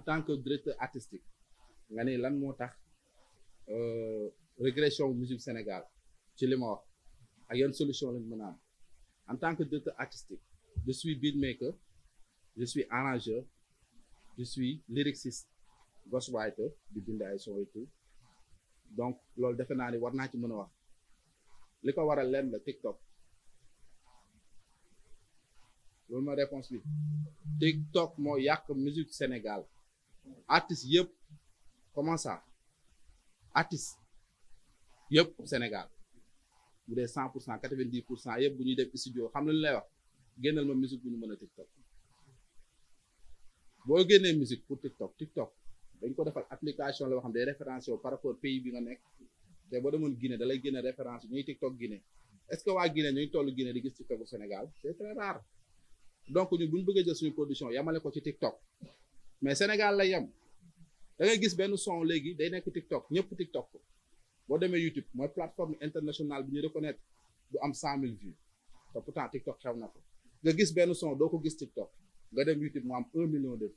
tant que directeur artistique nga ne lan moo tax euh, régression musique Sénégal ci li ma wax ak yan solution lañ mën a en tant que directeur artistique je suis beatmaker je suis arrangeur je suis lyriciste ghostwriter di bind ay son et donc loolu defe naa ni war naa ci mën a wax li ko waral lenn la TikTok loolu ma réponse bi TikTok moo yàq musique Sénégal artistes yëpp comment ça artistes yëpp Sénégal bu dee cent pour cent quatre vingt dix pour cent yëpp bu ñuy def studio xam na lu lay wax génneel ma musique bu ñu mën a TikTok boo génnee musique pour TikTok TikTok dañ ko defal application la boo xam ne day référence par rapport pays bi nga nekk te boo demoon Guinée da lay génne référence ñuy TikTok Guinée est-ce que waa Guinée ñuy toll Guinée di gis TikTok bu Sénégal c'est très rare donc ñun bu ñu bëggee jël suñu production yamale ko ci TikTok mais Sénégal la yem da gis benn son léegi day nekk TikTok ñëpp TikTok boo demee YouTube mooy plateforme internationale bi ñu reconnaître bu am cent mille vues te pourtant TikTok na ko nga gis benn son doo ko gis TikTok nga dem YouTube mu am un million de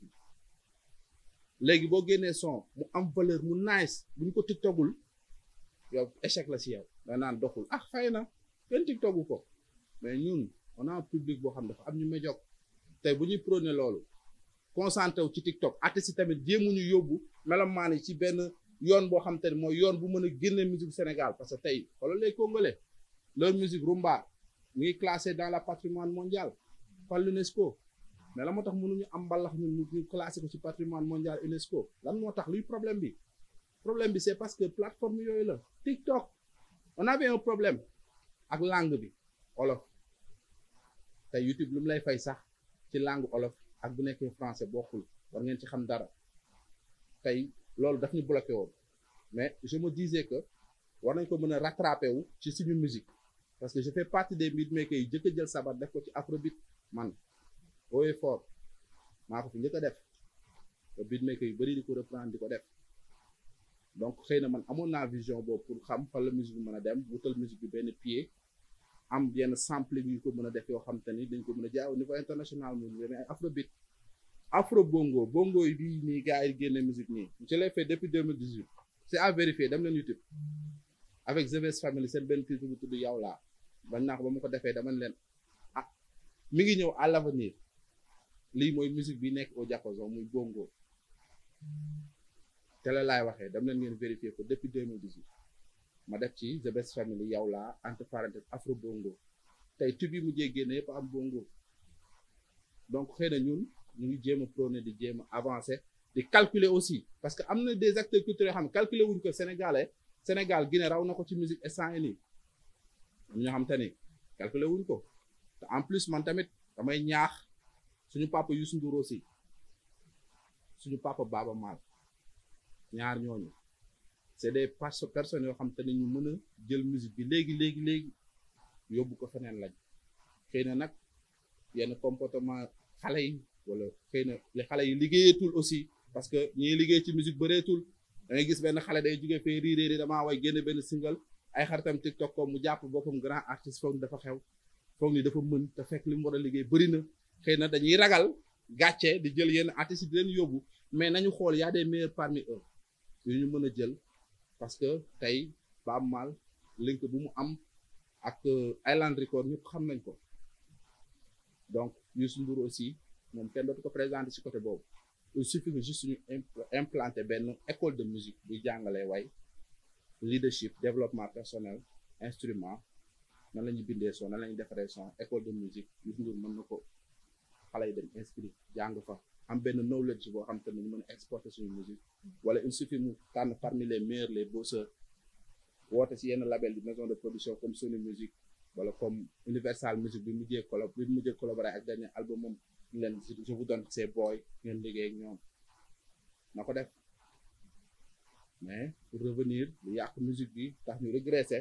léegi boo génnee son mu am valeur mu nice buñ ñu ko TikTokul yow échec la si yow da naan doxul ah fay na kenn TikToku ko mais ñun on a boo xam dafa am ñu médiocre tey bu ñuy prôné loolu. concentré wu ci TikTok artistes si tamit mu jéemuñu yóbbu melomaan yi ci benn yoon boo xam te ne mooy yoon bu mën a génne musique senegal parce que tey xoolal les Congolais leur musique rumba mu ngi classé dans la patrimoine mondial par l'UNESCO mais la moo tax mënuñu am mbalax ñun ñu classé ko ci patrimoine mondial UNESCO lan moo tax luy problème bi problème bi c'est parce que plateforme yooyu la TikTok on avait un problème ak làng bi olof te YouTube lu mu lay fay sax ci langue olof ak bu nekkee français bokkul war ngeen ci xam dara tey loolu daf ñu bloqué woon mais je me disais que war nañ ko mën a rattrapé wu ci suñu musique parce que je fais partie des beatmakers yi jëkk a jël sabar def ko ci afrobeat man haut et fort maa ko fi njëkk a def te beatmakers yu bëri di ko reprendre di ko def donc xëy na man amoon naa vision boobu pour xam fan la musique bu mën a dem wutal musique bi benn pied am yenn sample yu ñu ko mën a def yoo xam te ni dañ ko mën a jaay au niveau international mu demee ay afrobeat afro bongo bongo yi bii nii gars yi génne musique nii je l'ai fait depuis deux mille dix huit c' est à vérifier dem leen YouTube avec Zbest Family seen benn titre bu tudd yow laa ba naa ko ba mu ko defee dama leen ah ngi ñëw à l' avenir lii mooy musique bi nekk au diapason muy bongo te la laay waxee dam leen ngeen vérifier ko depuis deux ma def ci The Best Family yow laa entre parenthèse afro bongo tey tub yi mujjee génne yëpp am bongo donc xëy na ñun ñu ngi jéem a prôné di jéem a avancé di calculer aussi parce que am na des acteurs culturels yoo xam ne calculer wuñ ko Sénégalais Sénégal Guinée raw na ko ci musique instant yii am ñoo xam te ni calculer wuñ ko te en plus man tamit damay ñaax suñu papa Youssou Ndour aussi suñu papa Baba Maal ñaar ñooñu. c'est des personnes yoo xam te ne ñu mën a jël musique bi léegi léegi léegi yóbbu ko feneen lañ xëy na nag yenn comportement xale yi wala xëy na li xale yi liggéeyatul aussi parce que ñiy liggéey ci musique bëreetul da ngay gis benn xale day jógee fee riiréeri damaa way génn benn single ay xaritam TikTok ko mu jàpp boppam grand artiste foog ni dafa xew foog ni dafa mën te fekk li mu war a liggéey bëri na xëy na dañuy ragal gàcce di jël yenn artistes yi di yóbbu mais nañu xool y a des meilleurs parmi ñu mën a jël parce que tey Baaba Maal link bu mu am ak euh, Island Record ñëpp xam nañ ko donc Youssou Ndour aussi moom kenn dootu ko présenté ci côté boobu il suffit que juste ñu implanté benn école de musique buy jàngalee way leadership développement personnel instrument nan la ñuy bindee son nan la ñuy defaree son école de musique Youssou Ndour mën na ko xale yi dem inscrit jàng fa am benn knowledge boo xam te ne ñu mën a exporter suñu musique wala il suffit mu tànn parmi les meilleurs les bosseurs woote si yenn label di maison de production comme Sony Music wala comme Universal Music bi mujjee collab bi mujjee collaboré ak dernier album moom leen je vous donne ces boys ngeen liggéey ak ñoom na ko def mais pour revenir lu yàq musique bi tax ñu régressé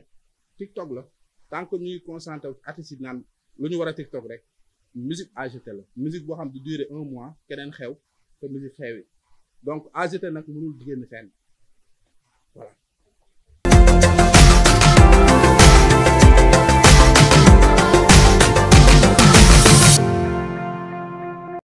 TikTok la tant que ñuy concentré artistes yi naan lu ñu war a TikTok rek musique AGT la musique boo xam du durer un mois keneen xew te musique xewi donc AGT nag mënul génn fenn